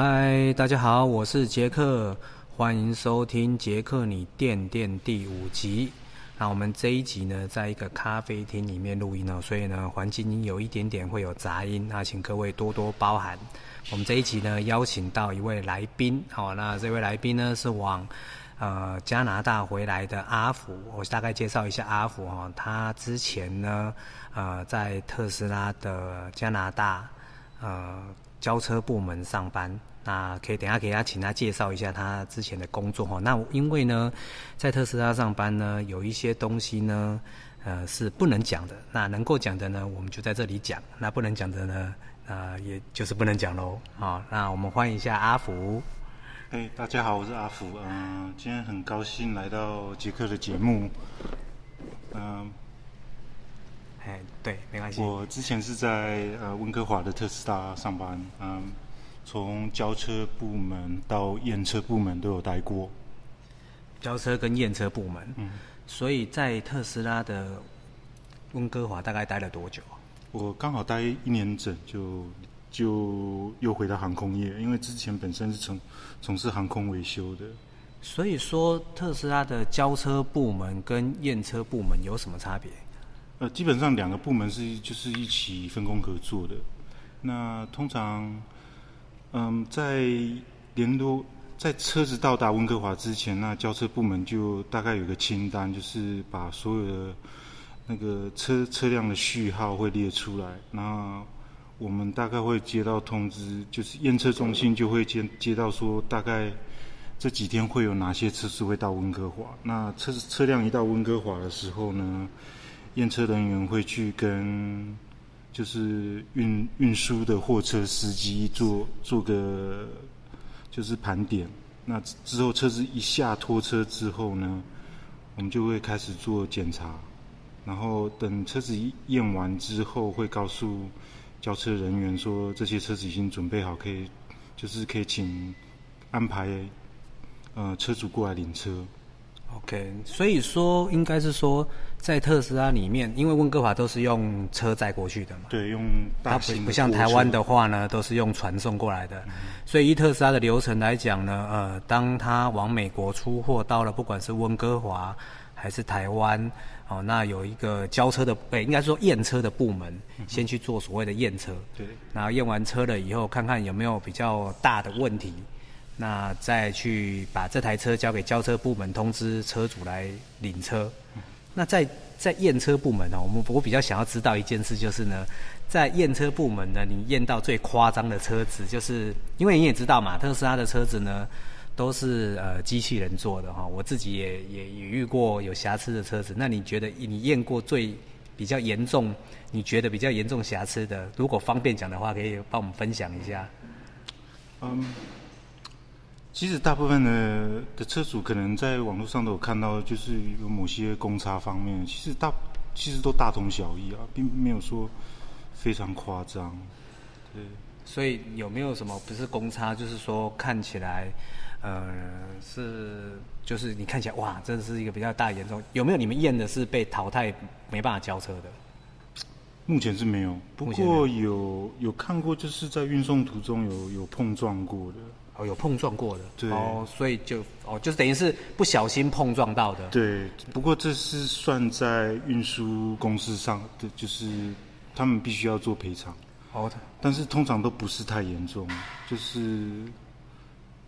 嗨，大家好，我是傑克，歡迎收聽傑克你電電第五集。那我們這一集呢，在一個咖啡廳裡面錄音呢，所以呢，環境有一點點會有雜音，那請各位多多包涵。我們這一集呢，邀請到一位來賓，好、哦，那這位來賓呢，是往呃加拿大回來的阿福。我大概介紹一下阿福。哈、哦，他之前呢，呃，在特斯拉的加拿大，呃。交車部門上班，那可以等下給他，請他介紹一下他之前的工作哈。那因為呢，在特斯拉上班呢，有一些東西呢，呃，是不能講的。那能夠講的呢，我們就在這裡講；那不能講的呢，呃，也就是不能講嘍。好、哦、那我們歡迎一下阿福。哎、hey，大家好，我是阿福。嗯、呃，今天很高興來到傑克的節目。嗯、呃。哎，對，沒關係。我之前是在呃溫哥華的特斯拉上班，嗯，從交車部門到驗車部門都有待過。交車跟驗車部門，嗯，所以在特斯拉的溫哥華大概待了多久啊？我剛好待一年整就，就就又回到航空業，因為之前本身是從從事航空維修的。所以說，特斯拉的交車部門跟驗車部門有什麼差別？呃，基本上兩個部門是就是一起分工合作的。那通常，嗯，在聯絡在車子到達溫哥華之前，那交車部門就大概有個清單，就是把所有的那個車車輛的序號會列出來。那我們大概會接到通知，就是驗車中心就會接接到說，大概這幾天會有哪些車子會到溫哥華。那車子車輛一到溫哥華的時候呢，驗車人員會去跟，就是運運輸的貨車司機做做個，就是盤點。那之後車子一下拖車之後呢，我們就會開始做檢查。然後等車子驗完之後，會告訴交車人員說這些車子已經準備好，可以就是可以請安排呃車主過來領車。OK，所以說應該是說，在特斯拉裡面，因為溫哥華都是用車載過去的嘛，對，用大型車，它不不像台灣的話呢，都是用傳送過來的。嗯、所以，以，依特斯拉的流程來講呢，呃，當他往美國出貨到了，不管是溫哥華還是台灣，哦、呃，那有一個交車的部，應該說驗車的部門、嗯，先去做所謂的驗車，對，然後驗完車了以後，看看有沒有比較大的問題。那再去把這台車交給交車部門，通知車主來領車。那在在驗車部門呢、哦，我們我比較想要知道一件事，就是呢，在驗車部門呢，你驗到最誇張的車子，就是因為你也知道嘛，特斯拉的車子呢都是呃機器人做的哈、哦。我自己也也也遇過有瑕疵的車子，那你覺得你驗過最比較嚴重，你覺得比較嚴重瑕疵的，如果方便講的話，可以幫我們分享一下。嗯、um...。其實大部分的的車主可能在網絡上都有看到，就是有某些公差方面，其實大其實都大同小異啊，並沒有說非常誇張。對，所以有沒有什麼不是公差，就是說看起來，呃，是就是你看起來哇，這是一個比較大嚴重？有沒有你們驗的是被淘汰沒辦法交車的？目前是沒有，不過有有，有，有看過就是在運送途中有有碰撞過的。哦，有碰撞過的，對哦，所以就哦，就是等於是不小心碰撞到的。對，不過這是算在運輸公司上的，對，就是他們必須要做賠償。好的、哦。但是通常都不是太嚴重，就是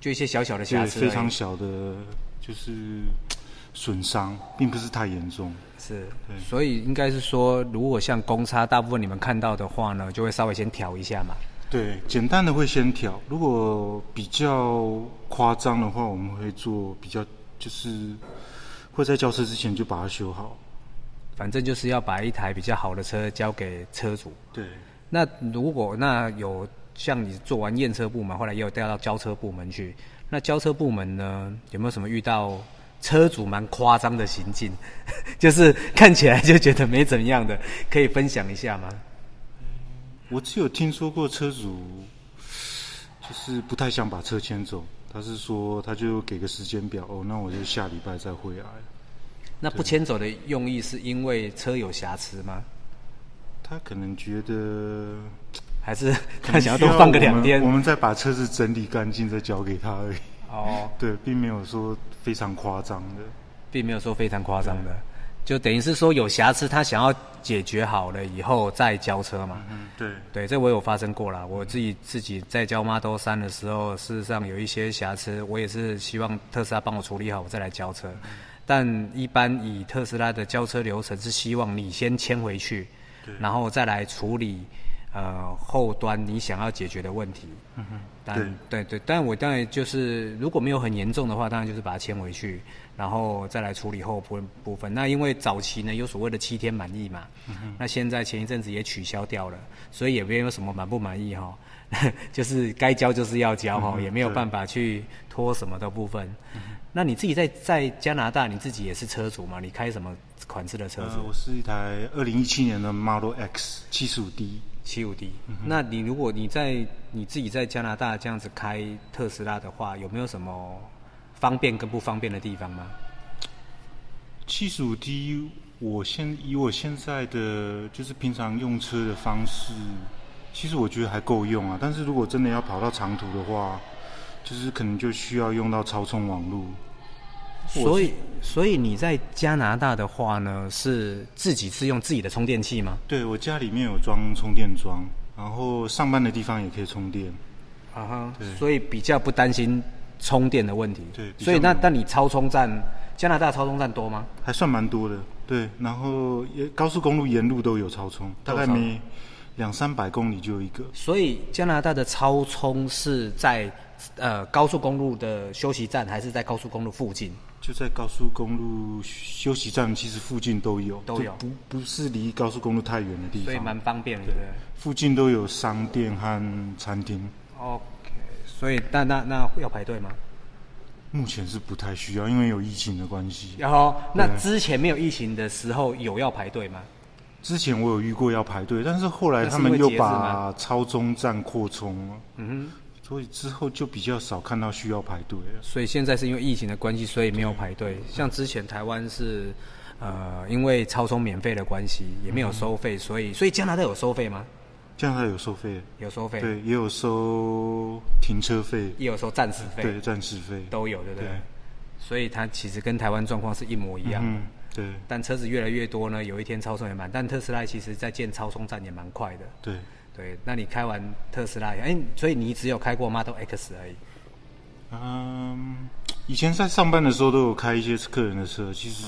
就一些小小的瑕疵，對，非常小的，就是損傷，並不是太嚴重。是，對。所以應該是說，如果像公差，大部分你們看到的話呢，就會稍微先調一下嘛。對，簡單的會先挑，如果比較誇張的話，我們會做比較，就是會在交車之前就把它修好。反正就是要把一台比較好的車交給車主。對。那如果那有像你做完驗車部門，後來也有調到交車部門去，那交車部門呢，有沒有什麼遇到車主蠻誇張的行徑？ 就是看起來就覺得沒怎麼樣的，可以分享一下嗎？我只有聽說過車主，就是不太想把車遷走。他是說，他就給個時間表哦，那我就下禮拜再回來了。那不遷走的用意是因為車有瑕疵嗎？他可能覺得還是他想要多放個兩天我，我們再把車子整理乾淨再交給他而已。哦，對，並沒有說非常誇張的，並沒有說非常誇張的。就等於是說有瑕疵，他想要解決好了以後再交車嘛。嗯，對，對，這我有發生過啦，我自己自己在交 Model 3的時候，事實上有一些瑕疵，我也是希望特斯拉幫我處理好，我再來交車，嗯。但一般以特斯拉的交車流程是希望你先牽回去，然後再來處理。呃，後端你想要解決的問題，嗯哼，但對對對，但我當然就是如果沒有很嚴重的話，當然就是把它牽回去，然後再來處理後部部分。那因為早期呢有所謂的七天滿意嘛，嗯哼，那現在前一陣子也取消掉了，所以也沒有什麼滿不滿意哈、哦， 就是該交就是要交哈、哦嗯，也沒有辦法去拖什麼的部分。嗯、哼那你自己在在加拿大你自己也是車主嘛？你開什麼款式的車子、呃？我是一台二零一七年的 Model X 七十五 D。七五 D，那你如果你在你自己在加拿大這樣子開特斯拉的話，有沒有什麼方便跟不方便的地方嗎？七十五 D，我現以我現在的就是平常用車的方式，其實我覺得還夠用啊。但是如果真的要跑到長途的話，就是可能就需要用到超充網絡。所以。所以你在加拿大的話呢，是自己是用自己的充電器嗎？對，我家裡面有裝充電樁，然後上班的地方也可以充電。啊哈，對，所以比較不擔心充電的問題。對，所以那那你超充站，加拿大超充站多嗎？還算蠻多的。對，然後也高速公路沿路都有超充，超大概每兩三百公里就有一個。所以加拿大的超充是在呃高速公路的休息站，還是在高速公路附近？就在高速公路休息站，其實附近都有，都有，不不是離高速公路太遠的地方，所以蠻方便的對對。附近都有商店和餐廳。OK，所以那那那要排隊嗎？目前是不太需要，因為有疫情的關係。然後、哦，那之前沒有疫情的時候，有要排隊嗎？之前我有遇過要排隊，但是後來他們又把超充站擴充了。嗯哼。所以之後就比較少看到需要排隊了。所以現在是因為疫情的關係，所以沒有排隊。像之前台灣是，呃，因為超充免費的關係，也沒有收費、嗯。所以，所以加拿大有收費嗎？加拿大有收費。有收費。對，也有收停車費，也有收暫時費、嗯。對，暫時費。都有，對不對？對。所以它其實跟台灣狀況是一模一樣。嗯,嗯，對。但車子越來越多呢，有一天超充也蠻。但特斯拉其實在建超充站也蠻快的。對。對，那你開完特斯拉，哎，所以你只有開過 Model X 而已。嗯，以前在上班的時候都有開一些客人的車，其實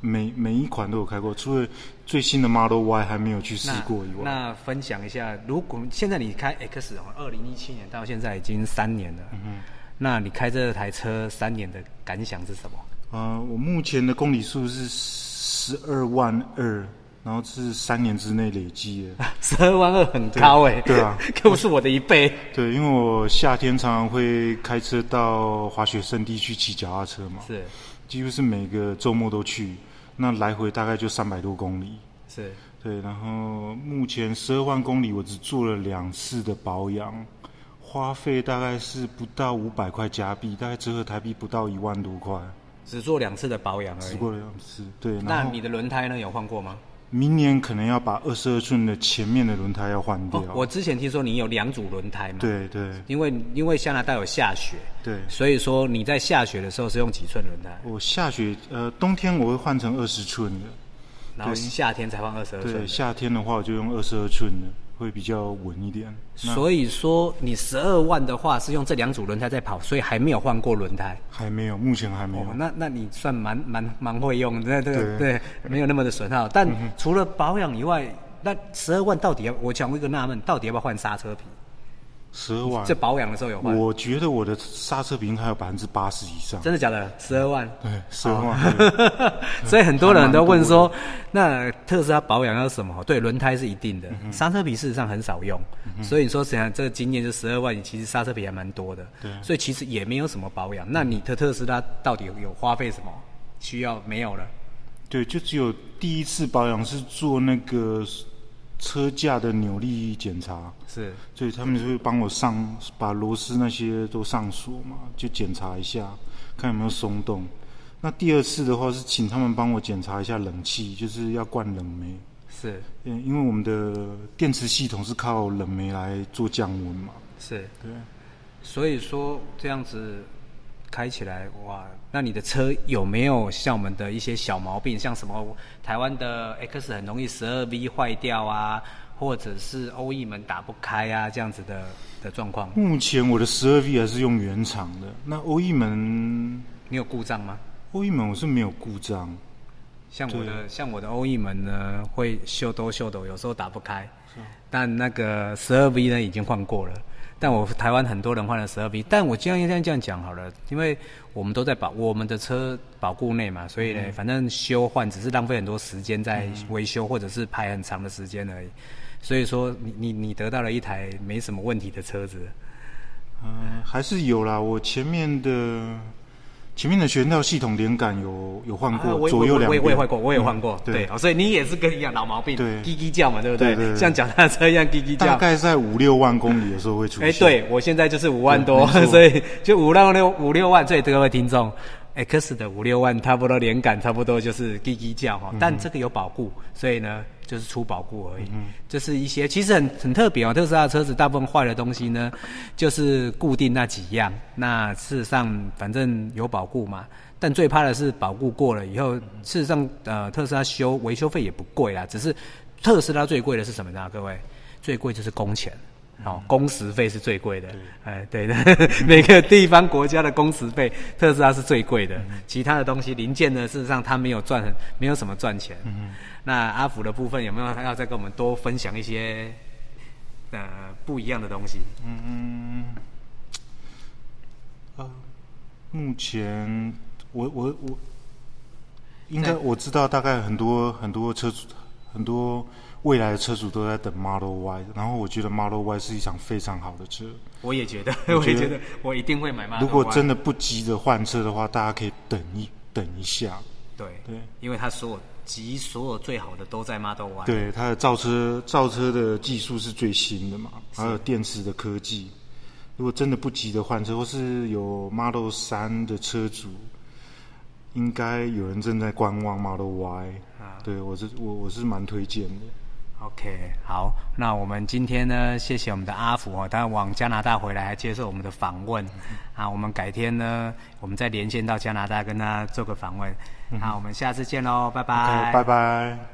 每每一款都有開過，除了最新的 Model Y 還沒有去試過以外。那，那分享一下，如果現在你開 X 的話，二零一七年到現在已經三年了，嗯哼，那你開這台車三年的感想是什麼？嗯，呃，我目前的公里數是十二萬二。然後是三年之內累積的，十二萬二很高哎，對啊，可 不是我的一倍。對，因為我夏天常常會開車到滑雪聖地去騎腳踏車嘛，是，幾乎是每個週末都去，那來回大概就三百多公里。是，對，然後目前十二萬公里我只做了兩次的保養，花費大概是不到五百塊加幣，大概折合台幣不到一萬多塊。只做兩次的保養而已。只做了兩次，對、嗯。那你的輪胎呢？有換過嗎？明年可能要把二十二寸的前面的輪胎要換掉。哦，我之前聽說你有兩組輪胎嘛？對對。因為因為加拿大有下雪，對，所以說你在下雪的時候是用幾寸輪胎？我下雪呃，冬天我會換成二十寸的，然後夏天才換二十二寸的。對，夏天的話我就用二十二寸的。會比較穩一點。所以說，你十二萬的話是用這兩組輪胎在跑，所以還沒有換過輪胎。還沒有，目前還沒有。哦，那那你算蠻蠻蠻會用的，對對，沒有那麼的損耗。但除了保養以外，那十二萬到底要，我講過一個納悶，到底要不要換剎車皮？十二萬，這保養的時候有換？我覺得我的剎車皮還有百分之八十以上。真的假的？十二萬？對，十二萬。哦、 所以很多人都問說，那特斯拉保養要什麼？對，輪胎是一定的，嗯、剎車皮事實上很少用。嗯、所以你說，實際上這個今年是十二萬，其實剎車皮還蠻多的。對，所以其實也沒有什麼保養。嗯、那你的特斯拉到底有花費什麼？需要沒有了？對，就只有第一次保養是做那個。車架的扭力檢查是，所以他們就會幫我上把螺絲那些都上鎖嘛，就檢查一下，看有沒有鬆動。那第二次的話是請他們幫我檢查一下冷氣，就是要灌冷媒。是，嗯，因為我們的電池系統是靠冷媒來做降溫嘛。是對，所以說這樣子。開起來哇！那你的車有沒有像我們的一些小毛病，像什麼台灣的 X 很容易十二 V 壞掉啊，或者是鷗翼門打不開啊這樣子的的狀況？目前我的十二 V 還是用原廠的。那鷗翼門你有故障嗎？鷗翼門我是沒有故障。像我的像我的鷗翼門呢，會秀逗秀逗，有時候打不開。是啊，但那個十二 V 呢，已經換過了。但我台灣很多人換了十二 B，但我今天這樣講好了，因為我們都在保我們的車保固內嘛，所以呢、嗯，反正修換只是浪費很多時間在維修或者是排很長的時間而已，嗯。所以說你，你你你得到了一台沒什麼問題的車子，嗯、呃，還是有啦，我前面的。前面的懸吊系統連桿有有換過，啊、我左右兩我，我，我也我也換過，我也換過，嗯、對，對，所以你也是跟你一樣老毛病，嘰嘰叫嘛，對不對？對對對，像腳踏車一樣嘰嘰叫，大概在五六萬公里的時候會出現。哎， 對，我現在就是五萬多，所以就五六六五六萬各位聽眾，X 的五六萬差不多連桿差不多就是滴滴叫，哦、嗯、但這個有保固，所以呢就是出保固而已，嗯。就是一些其實很很特別哦，特斯拉車子大部分壞的東西呢，就是固定那幾樣。那事實上反正有保固嘛，但最怕的是保固過了以後，事實上呃特斯拉修維修費也不貴啦，只是特斯拉最貴的是什麼呢？各位最貴就是工錢。好、哦，工、嗯、時費是最貴的。哎，對，呵呵，每個地方國家的工時費， 特斯拉是最貴的、嗯。其他的東西、嗯，零件呢，事實上它沒有賺很，沒有什麼賺錢、嗯。那阿福的部分有沒有要再跟我們多分享一些那、呃、不一樣的東西？嗯，嗯呃，目前我我我應該我知道大概很多很多車主很多。未來的車主都在等 Model Y，然後我覺得 Model Y 是一場非常好的車。我也覺得，我也覺得，我一定會買 Model Y。如果真的不急著換車的話，大家可以等一等一下。對，對，因為它所有急所有最好的都在 Model Y。對，它的造車造車的技術是最新的嘛，還有電池的科技。如果真的不急著換車，或是有 Model 3的車主，應該有人正在觀望 Model Y。啊、對我是我我是蠻推薦的。OK，好，那我們今天呢，謝謝我們的阿福哦、他往加拿大回來還接受我們的訪問，嗯，啊，我們改天呢，我們再連線到加拿大跟他做個訪問，嗯，好，我們下次見嘍，拜拜，拜、okay, 拜。Bye bye